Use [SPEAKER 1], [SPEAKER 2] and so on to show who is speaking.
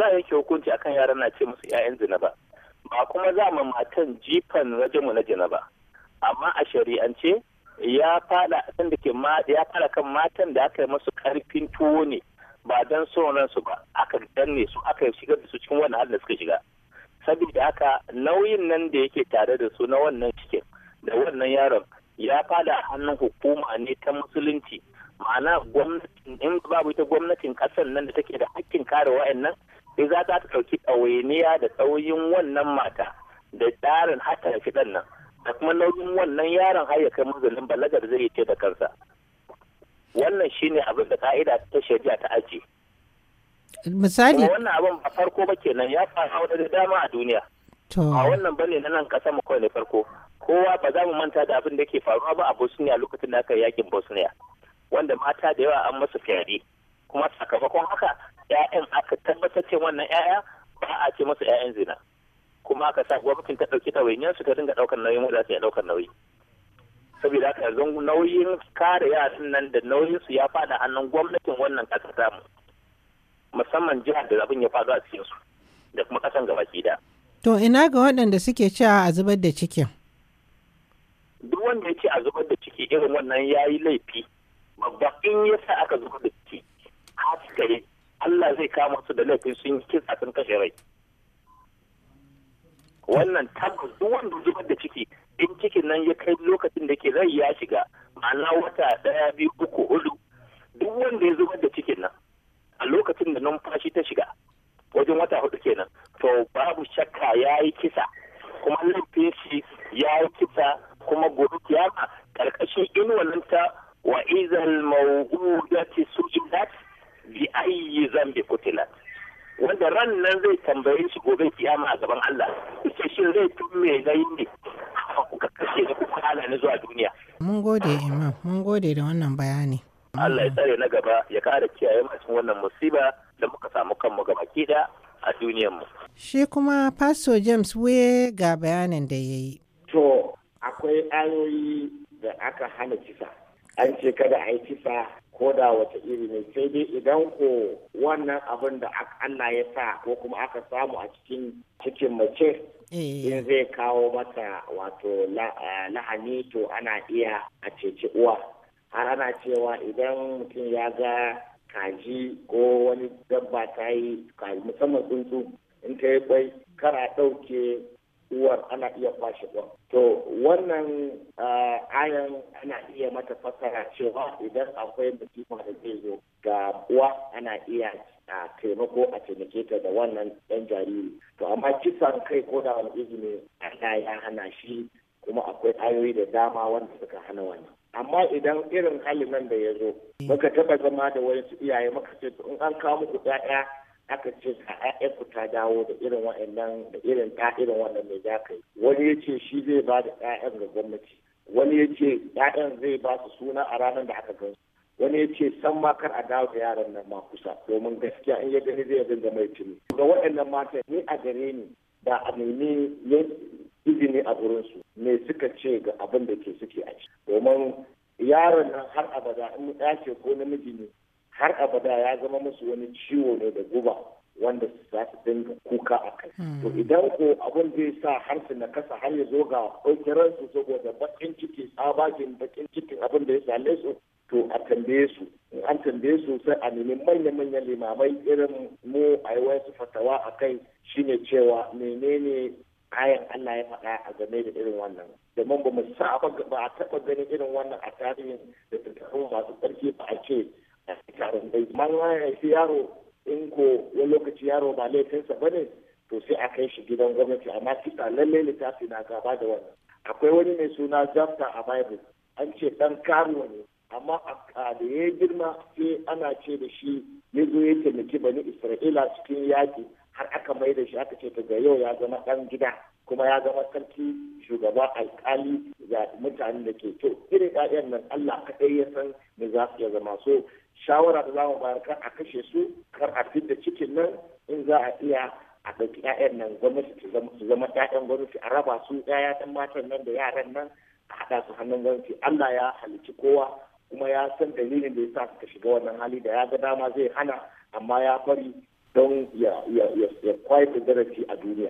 [SPEAKER 1] za a yanke hukunci akan yaran na ce musu 'ya'yan zina ba ba kuma za mu matan jifan rajamu na jina ba amma a shari'ance ya fada kan da ke ya fada kan matan da aka yi musu karfin tuwo ne ba don son ransu ba aka danne su aka shigar da su cikin wannan halin da suka shiga saboda haka nauyin nan da yake tare da su na wannan cikin da wannan yaron ya fada a hannun hukuma ne ta musulunci ma'ana gwamnatin in babu ita gwamnatin kasar nan da take da hakkin kare wa'annan sai za ta ɗauki ɗawainiya da ɗauyin wannan mata da tsarin hata fi ɗan nan da kuma nauyin wannan yaron har ya kai mazalin balagar zai ce da kansa wannan shine abin da ka'ida ta shari'a ta aji misali wannan abin ba farko ba kenan ya faru da dama a duniya a wannan bane na nan kasa mu kawai ne farko kowa ba za mu manta da abin da ke faruwa ba a bosniya lokacin da aka yakin bosniya wanda mata da yawa an masu fyaɗe kuma sakamakon haka 'ya'yan aka tabbatar ce wannan 'ya'ya ba a ce masu 'ya'yan zina kuma aka sa gwamnatin ta ɗauki ɗawainiyar su ta dinga ɗaukar nauyin wanda ta ɗaukar nauyi saboda haka yanzu nauyin kare yaran nan da nauyin su ya fada hannun gwamnatin wannan ƙasa ta mu musamman jihar da abin ya faɗo a cikin su da kuma ƙasan gabaki da to ina ga waɗanda suke cewa a zubar da cikin duk wanda ya ce a zubar da ciki irin wannan ya yi laifi babba in ya sa aka zubar da Allah zai kama su da laifin sun yi kisa sun kashe rai wannan tabbas duk wanda zubar da ciki in cikin nan ya kai lokacin da ke rai ya shiga ma'ana wata daya biyu uku hudu duk wanda ya zubar da cikin nan a lokacin da numfashi ta shiga wajen wata hudu kenan to babu shakka ya yi kisa kuma laifin shi ya yi kisa kuma gobe kiyama karkashin nan ta wa izal mawudati su'idat bi ayi zambi kutilat wanda ran nan zai tambaye shi gobe kiyama a gaban Allah ce shin zai tun me nayi ne kuka kashe ni kuka ni zuwa duniya mun gode imam mun gode da wannan bayani Allah ya tsare na gaba ya kara kiyaye cikin wannan musiba da muka samu kanmu gaba kida a duniyar mu shi kuma pastor James Wuye ga bayanin da yayi to akwai ayoyi da aka hana kisa an ce kada a yi kisa ko da wace iri ne sai dai idan ko wannan abin da Allah ya sa ko kuma aka samu a cikin cikin mace eh. in zai kawo mata wato eh, lahani to ana iya a ceci uwa har ana cewa idan mutum ya ga kaji ko wani dabba ta yi musamman tsuntsu in ta yi kwai kara ɗauke uwar ana iya kwashe uwar. To wannan ayan ana iya mata fasara cewa idan akwai musifa da zai zo ga uwa ana iya a taimako a taimake ta da wannan ɗan jariri. To amma kisan kai ko da wani izini ana ya hana shi kuma akwai ayoyi da dama wanda suka hana wani amma idan irin halin nan da ya zo muka taɓa zama da wasu iyaye muka ce in an kawo muku ɗaya. aka ce a ku ta dawo da irin wa'annan da irin ta irin wannan mai za ka yi wani ya ce shi zai ba da ƴaƴan ga gwamnati wani ya ce ƴaƴan zai ba su suna a ranar da aka gansu wani ya ce san ma kar a dawo da yaran nan ma kusa domin gaskiya in ya gani zai dinga mai tuni ga wa'annan mata ni a gare ni da a nemi izini a gurinsu me suka ce ga abin da ke suke a ciki domin yaron nan har abada in ya ce ko namiji ne har abada ya zama musu wani ciwo ne da guba wanda za su dinga kuka a kai. Hmm. To idan ko abin zai sa har su na kasa har ya zo ga ɗauki ransu saboda bakin ciki tsabagen bakin cikin abin da ya same su to a tambaye su an tambaye su sai a nemi manya-manyan limamai irin mu a yi wasu fatawa a kai shine cewa menene ayan Allah ya faɗa a game da irin wannan domin ba mu sa ba a taɓa ganin irin wannan a tarihin da tattaɓin masu ƙarfi ba a ce man haifi yaro in ko wani lokaci yaro ba laifinsa ba ne to sai a kai shi gidan gwamnati amma kisa lallai littafi na gaba da wannan akwai wani mai suna jafta a bible an ce dan karuwa ne amma a da ya girma sai ana ce da shi ya zo ya taimaki bani isra'ila cikin yaƙi har aka mai da shi aka ce daga yau ya zama dan gida kuma ya zama sarki shugaba alkali ga mutanen da ke to irin ƴaƴan nan Allah kaɗai ya san me za su iya zama so shawara da za mu bayar kar a kashe su kar a fidda cikin nan in za a iya a ɗauki ƴaƴan nan gwamnati su zama ƴaƴan gwamnati a raba su ƴaƴa ɗan matan nan da yaran nan a haɗa su hannun gwamnati Allah ya halicci kowa kuma ya san dalilin da ya sa suka shiga wannan hali da ya ga dama zai hana amma ya bari don ya kwaye da darasi a duniya.